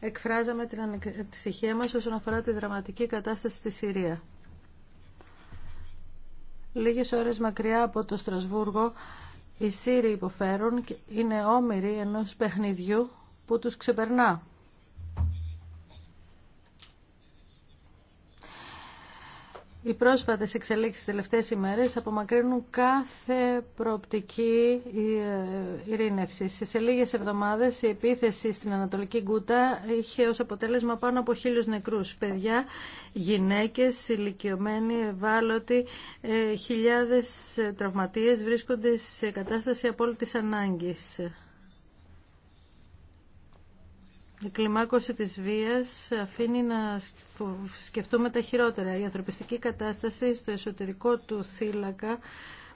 εκφράζαμε την ανησυχία μας όσον αφορά τη δραματική κατάσταση στη Συρία. Λίγες ώρες μακριά από το Στρασβούργο οι Σύριοι υποφέρουν και είναι όμοιροι ενός παιχνιδιού που τους ξεπερνά. Οι πρόσφατες εξελίξεις τελευταίες ημέρες απομακρύνουν κάθε προοπτική ε, ειρήνευση. Σε λίγες εβδομάδες η επίθεση στην Ανατολική Γκούτα είχε ως αποτέλεσμα πάνω από χίλιους νεκρούς. Παιδιά, γυναίκες, ηλικιωμένοι, ευάλωτοι, ε, χιλιάδες τραυματίες βρίσκονται σε κατάσταση απόλυτης ανάγκης. Η κλιμάκωση της βίας αφήνει να σκεφτούμε τα χειρότερα. Η ανθρωπιστική κατάσταση στο εσωτερικό του θύλακα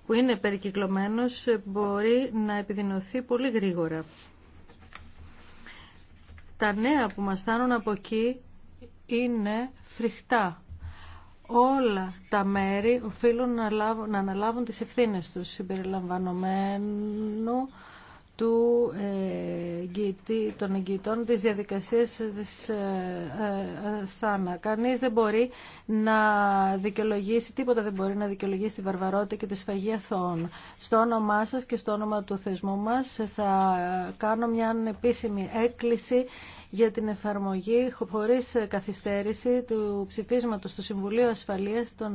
που είναι περικυκλωμένος μπορεί να επιδεινωθεί πολύ γρήγορα. Τα νέα που μας στάνουν από εκεί είναι φρικτά. Όλα τα μέρη οφείλουν να, να αναλάβουν τις ευθύνες τους συμπεριλαμβανομένου του ε, εγγυητή, των εγγυητών της διαδικασίας της ε, ε, ε, ΣΑΝΑ. Κανείς δεν μπορεί να δικαιολογήσει, τίποτα δεν μπορεί να δικαιολογήσει τη βαρβαρότητα και τη σφαγή αθώων. Στο όνομά σας και στο όνομα του θεσμού μας θα κάνω μια επίσημη έκκληση για την εφαρμογή χωρίς καθυστέρηση του ψηφίσματος του Συμβουλίου Ασφαλείας των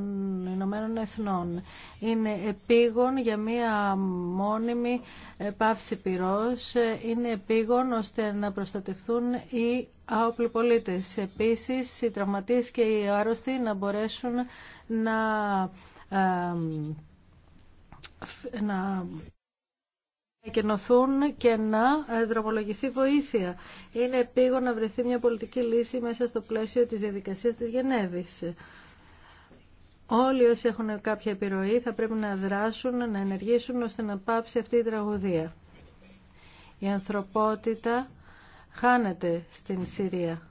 Ηνωμένων Εθνών. Είναι επίγον για μια μόνιμη πάυση πυρός, είναι προσφύγων ώστε να προστατευτούν οι άοπλοι πολίτες. Επίσης, οι τραυματίες και οι άρρωστοι να μπορέσουν να, να εκενωθούν και να δρομολογηθεί βοήθεια. Είναι επίγον να βρεθεί μια πολιτική λύση μέσα στο πλαίσιο της διαδικασίας της Γενέβης. Όλοι όσοι έχουν κάποια επιρροή θα πρέπει να δράσουν, να ενεργήσουν ώστε να πάψει αυτή η τραγωδία. Η ανθρωπότητα χάνεται στην Συρία.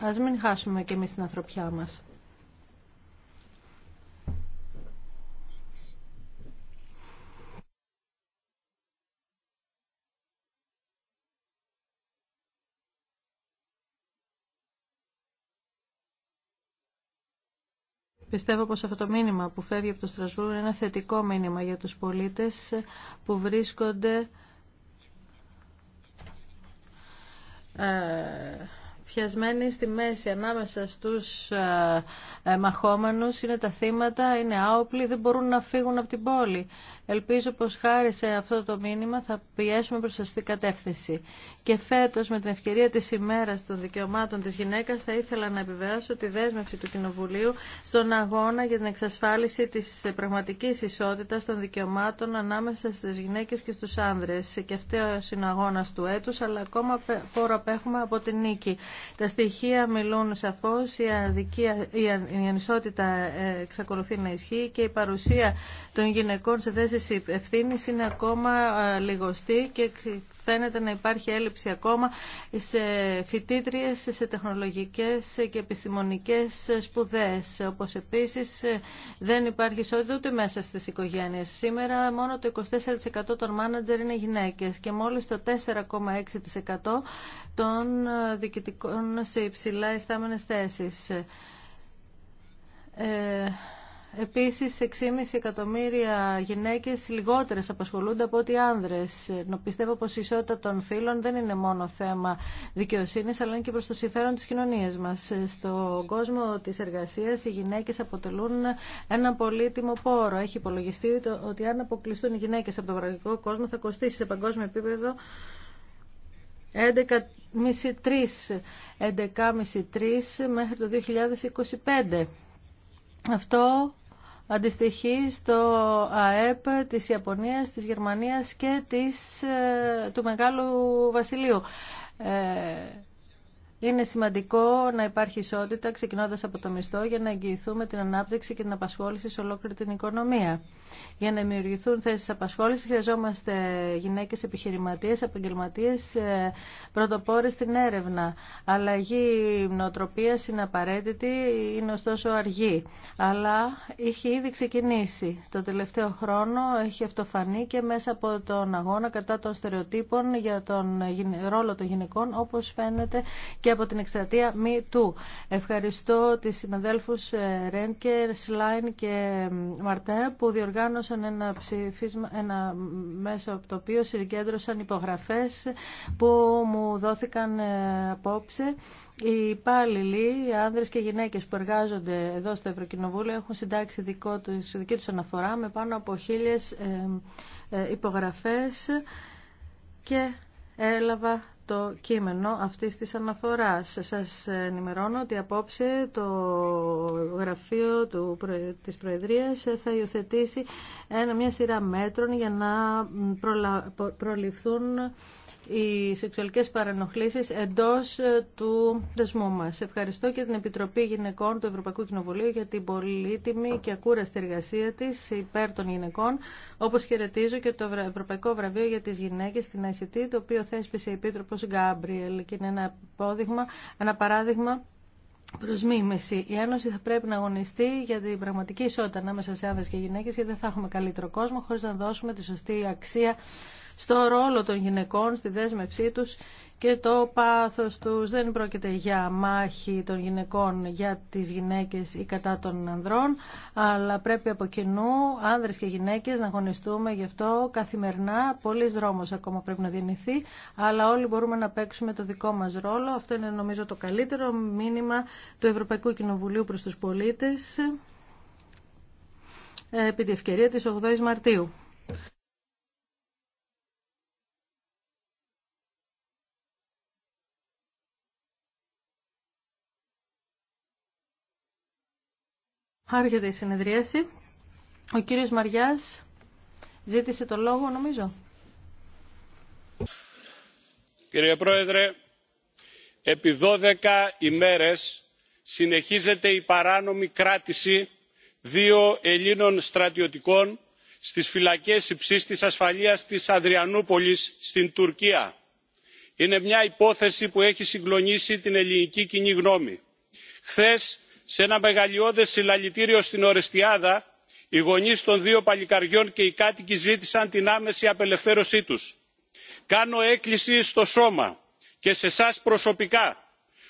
Ας μην χάσουμε και εμείς την ανθρωπιά μας. Πιστεύω πως αυτό το μήνυμα που φεύγει από το Στρασβούργο είναι ένα θετικό μήνυμα για τους πολίτες που βρίσκονται ε, πιασμένοι στη μέση ανάμεσα στους ε, ε, μαχόμενους, είναι τα θύματα, είναι άοπλοι, δεν μπορούν να φύγουν από την πόλη. Ελπίζω πως χάρη σε αυτό το μήνυμα θα πιέσουμε προς σωστή κατεύθυνση. Και φέτος με την ευκαιρία της ημέρας των δικαιωμάτων της γυναίκας θα ήθελα να επιβεβαιώσω τη δέσμευση του Κοινοβουλίου στον αγώνα για την εξασφάλιση της πραγματικής ισότητας των δικαιωμάτων ανάμεσα στις γυναίκες και στους άνδρες. Και αυτό είναι ο του έτους, αλλά ακόμα πόρο απέχουμε από την νίκη. Τα στοιχεία μιλούν σαφώς, η, αδικία, η ανισότητα ε, εξακολουθεί να ισχύει και η παρουσία των γυναικών σε θέσεις ευθύνη είναι ακόμα ε, λιγοστή και φαίνεται να υπάρχει έλλειψη ακόμα σε φοιτήτριε σε τεχνολογικές και επιστημονικές σπουδές. Όπως επίσης δεν υπάρχει ισότητα ούτε μέσα στις οικογένειες. Σήμερα μόνο το 24% των μάνατζερ είναι γυναίκες και μόλις το 4,6% των διοικητικών σε υψηλά ιστάμενες θέσεις. Ε, Επίσης, 6,5 εκατομμύρια γυναίκες λιγότερες απασχολούνται από ότι άνδρες. Πιστεύω πως η ισότητα των φύλων δεν είναι μόνο θέμα δικαιοσύνης, αλλά είναι και προς το συμφέρον της κοινωνίας μας. Στον κόσμο της εργασίας, οι γυναίκες αποτελούν ένα πολύτιμο πόρο. Έχει υπολογιστεί ότι αν αποκλειστούν οι γυναίκες από τον πραγματικό κόσμο, θα κοστίσει σε παγκόσμιο επίπεδο 11,5-3 μέχρι το 2025. Αυτό αντιστοιχεί στο ΑΕΠ της Ιαπωνίας, της Γερμανίας και της, ε, του Μεγάλου Βασιλείου. Ε, είναι σημαντικό να υπάρχει ισότητα ξεκινώντας από το μισθό για να εγγυηθούμε την ανάπτυξη και την απασχόληση σε ολόκληρη την οικονομία. Για να δημιουργηθούν θέσεις απασχόλησης χρειαζόμαστε γυναίκες επιχειρηματίες, επαγγελματίες, ε, πρωτοπόρες στην έρευνα. Αλλαγή νοοτροπίας είναι απαραίτητη, είναι ωστόσο αργή. Αλλά έχει ήδη ξεκινήσει. Το τελευταίο χρόνο έχει αυτοφανεί και μέσα από τον αγώνα κατά των στερεοτύπων για τον ρόλο των γυναικών όπως φαίνεται και από την εκστρατεία μη του. Ευχαριστώ τις συναδέλφους ε, Ρένκερ, Σλάιν και Μαρτέ που διοργάνωσαν ένα, ψηφίσμα, ένα μέσο από το οποίο συγκέντρωσαν υπογραφές που μου δόθηκαν ε, απόψε. Οι υπάλληλοι, οι άνδρες και οι γυναίκες που εργάζονται εδώ στο Ευρωκοινοβούλιο έχουν συντάξει δικό τους, δική τους αναφορά με πάνω από χίλιες ε, υπογραφές και έλαβα το κείμενο αυτή της αναφοράς. Σας ενημερώνω ότι απόψε το γραφείο του, της Προεδρίας θα υιοθετήσει μια σειρά μέτρων για να προληφθούν οι σεξουαλικές παρανοχλήσεις εντός ε, του δεσμού μας. Ευχαριστώ και την Επιτροπή Γυναικών του Ευρωπαϊκού Κοινοβουλίου για την πολύτιμη και ακούραστη εργασία της υπέρ των γυναικών, όπως χαιρετίζω και το Ευρωπαϊκό Βραβείο για τις Γυναίκες στην ICT, το οποίο θέσπισε η Επίτροπος Γκάμπριελ και είναι ένα, απόδειγμα, ένα παράδειγμα Προς μίμηση. Η Ένωση θα πρέπει να αγωνιστεί για την πραγματική ισότητα ανάμεσα σε άνδρες και γυναίκες γιατί δεν θα έχουμε καλύτερο κόσμο χωρίς να δώσουμε τη σωστή αξία στο ρόλο των γυναικών, στη δέσμευσή τους και το πάθος τους δεν πρόκειται για μάχη των γυναικών για τις γυναίκες ή κατά των ανδρών, αλλά πρέπει από κοινού άνδρες και γυναίκες να αγωνιστούμε γι' αυτό καθημερινά. Πολλοί δρόμος ακόμα πρέπει να διενηθεί, αλλά όλοι μπορούμε να παίξουμε το δικό μας ρόλο. Αυτό είναι νομίζω το καλύτερο μήνυμα του Ευρωπαϊκού Κοινοβουλίου προς τους πολίτες ε, επί τη ευκαιρία της 8ης Μαρτίου. Άρχεται η συνεδρίαση. Ο κύριος Μαριάς ζήτησε το λόγο, νομίζω. Κύριε Πρόεδρε, επί 12 ημέρες συνεχίζεται η παράνομη κράτηση δύο Ελλήνων στρατιωτικών στις φυλακές υψής της ασφαλείας της Αδριανούπολης στην Τουρκία. Είναι μια υπόθεση που έχει συγκλονίσει την ελληνική κοινή γνώμη. Χθες σε ένα μεγαλειώδες συλλαλητήριο στην ορεστιάδα οι γονείς των δύο παλικαριών και οι κάτοικοι ζήτησαν την άμεση απελευθέρωσή τους. κάνω έκκληση στο σώμα και σε εσά προσωπικά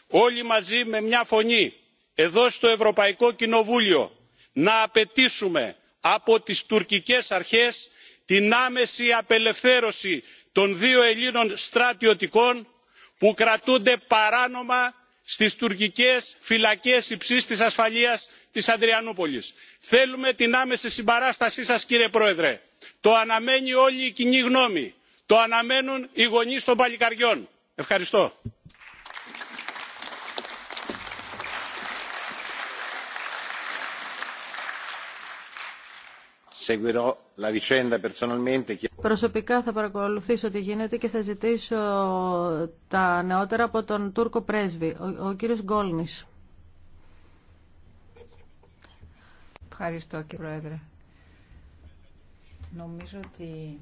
όλοι μαζί με μια φωνή εδώ στο ευρωπαϊκό κοινοβούλιο να απαιτήσουμε από τις τουρκικές αρχές την άμεση απελευθέρωση των δύο ελλήνων στρατιωτικών που κρατούνται παράνομα στις τουρκικές φυλακές υψής της ασφαλείας της Αδριανούπολης. Θέλουμε την άμεση συμπαράστασή σας κύριε Πρόεδρε. Το αναμένει όλη η κοινή γνώμη. Το αναμένουν οι γονείς των παλικαριών. Ευχαριστώ. Προσωπικά θα παρακολουθήσω τι γίνεται και θα ζητήσω τα νεότερα από τον Τούρκο πρέσβη, ο, ο κύριος Γκόλνης. Ευχαριστώ κύριε Πρόεδρε. Νομίζω ότι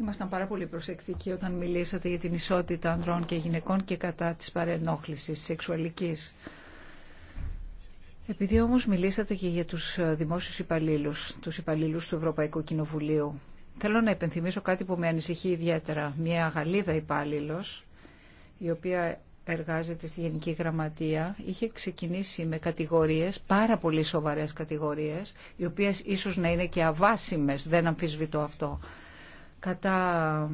ήμασταν πάρα πολύ προσεκτικοί όταν μιλήσατε για την ισότητα ανδρών και γυναικών και κατά της παρενόχλησης σεξουαλικής. Επειδή όμως μιλήσατε και για τους ε, δημόσιους υπαλλήλους, τους υπαλλήλους του Ευρωπαϊκού Κοινοβουλίου, θέλω να υπενθυμίσω κάτι που με ανησυχεί ιδιαίτερα. Μια Γαλλίδα υπάλληλο, η οποία εργάζεται στη Γενική Γραμματεία, είχε ξεκινήσει με κατηγορίες, πάρα πολύ σοβαρές κατηγορίες, οι οποίες ίσως να είναι και αβάσιμες, δεν αμφισβητώ αυτό, κατά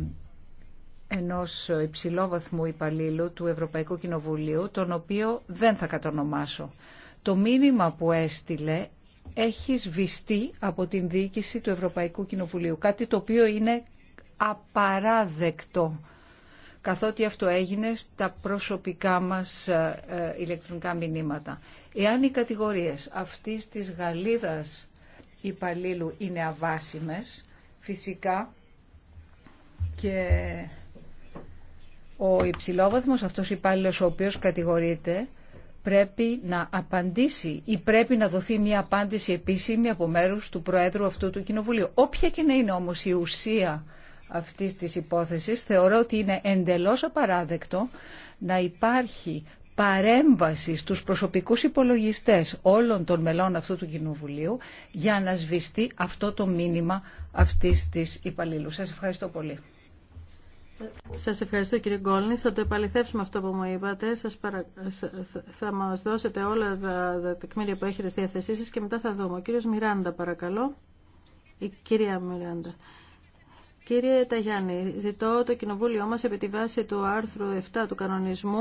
ενός υψηλόβαθμου υπαλλήλου του Ευρωπαϊκού Κοινοβουλίου, τον οποίο δεν θα κατονομάσω. Το μήνυμα που έστειλε έχει σβηστεί από την διοίκηση του Ευρωπαϊκού Κοινοβουλίου, κάτι το οποίο είναι απαράδεκτο, καθότι αυτό έγινε στα προσωπικά μας ε, ε, ηλεκτρονικά μηνύματα. Εάν οι κατηγορίες αυτής της γαλίδας υπαλλήλου είναι αβάσιμες, φυσικά και ο υψηλόβαθμος αυτός υπάλληλος ο οποίος κατηγορείται πρέπει να απαντήσει ή πρέπει να δοθεί μια απάντηση επίσημη από μέρους του Προέδρου αυτού του Κοινοβουλίου. Όποια και να είναι όμως η ουσία αυτής της υπόθεσης, θεωρώ ότι είναι εντελώς απαράδεκτο να υπάρχει παρέμβαση στους προσωπικούς υπολογιστές όλων των μελών αυτού του Κοινοβουλίου για να σβηστεί αυτό το μήνυμα αυτής της υπαλλήλου. Σας ευχαριστώ πολύ. Σας ευχαριστώ κύριε Γκόλνης. Θα το επαληθεύσουμε αυτό που μου είπατε. Σας Θα μας δώσετε όλα τα τεκμήρια που έχετε στη διάθεσή σας και μετά θα δούμε. Ο κύριος Μιράντα παρακαλώ. Η κυρία Μιράντα. Κύριε Ταγιάννη, ζητώ το Κοινοβούλιο μας επί τη βάση του άρθρου 7 του κανονισμού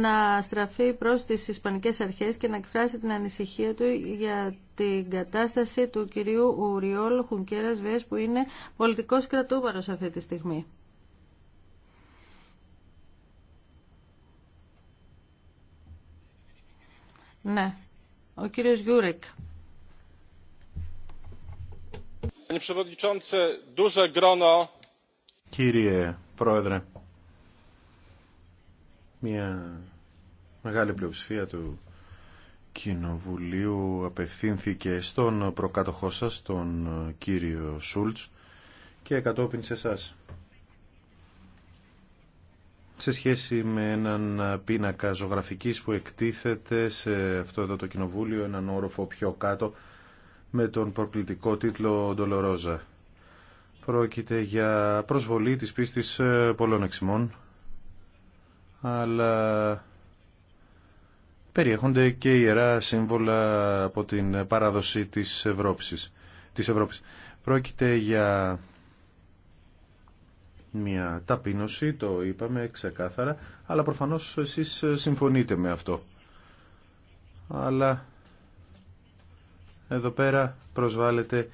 να στραφεί προς τις Ισπανικές Αρχές και να εκφράσει την ανησυχία του για την κατάσταση του κυρίου Ουριόλ Χουνκέρας Βές που είναι πολιτικός κρατούμενος αυτή τη στιγμή. Ναι. Ο κύριος Γιούρικ. Κύριε Πρόεδρε, μια μεγάλη πλειοψηφία του Κοινοβουλίου απευθύνθηκε στον προκάτοχό σας, τον κύριο Σούλτς και εκατόπιν σε εσάς σε σχέση με έναν πίνακα ζωγραφικής που εκτίθεται σε αυτό εδώ το κοινοβούλιο, έναν όροφο πιο κάτω, με τον προκλητικό τίτλο «Ντολορόζα». Πρόκειται για προσβολή της πίστης ε, πολλών εξημών, αλλά περιέχονται και ιερά σύμβολα από την παράδοση της Ευρώπης. Της Ευρώπης. Πρόκειται για μια ταπείνωση, το είπαμε ξεκάθαρα, αλλά προφανώς εσείς συμφωνείτε με αυτό. Αλλά εδώ πέρα προσβάλλεται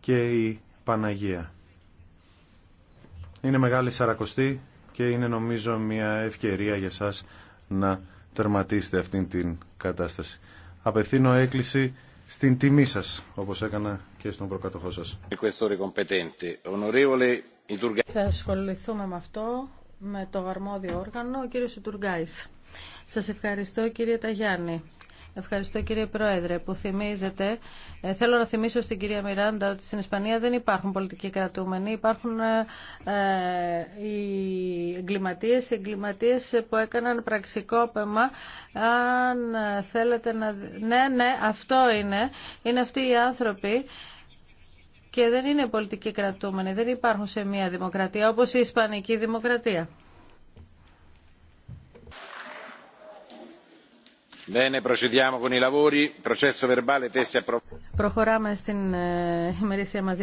και η Παναγία. Είναι μεγάλη σαρακοστή και είναι νομίζω μια ευκαιρία για σας να τερματίσετε αυτήν την κατάσταση. Απευθύνω έκκληση στην τιμή σας, όπως έκανα και στον προκατοχό σας. Θα ασχοληθούμε με αυτό, με το αρμόδιο όργανο, ο κύριος Τουργάις. Σας ευχαριστώ κύριε Ταγιάννη. Ευχαριστώ κύριε Πρόεδρε που θυμίζετε. Ε, θέλω να θυμίσω στην κυρία Μιράντα ότι στην Ισπανία δεν υπάρχουν πολιτικοί κρατούμενοι. Υπάρχουν ε, ε οι εγκληματίε, οι εγκληματίε που έκαναν πραξικόπημα. Αν θέλετε να. Ναι, ναι, αυτό είναι. Είναι αυτοί οι άνθρωποι και δεν είναι πολιτικοί κρατούμενοι, δεν υπάρχουν σε μια δημοκρατία όπως η Ισπανική Δημοκρατία. Προχωράμε στην ε, ημερήσια μαζί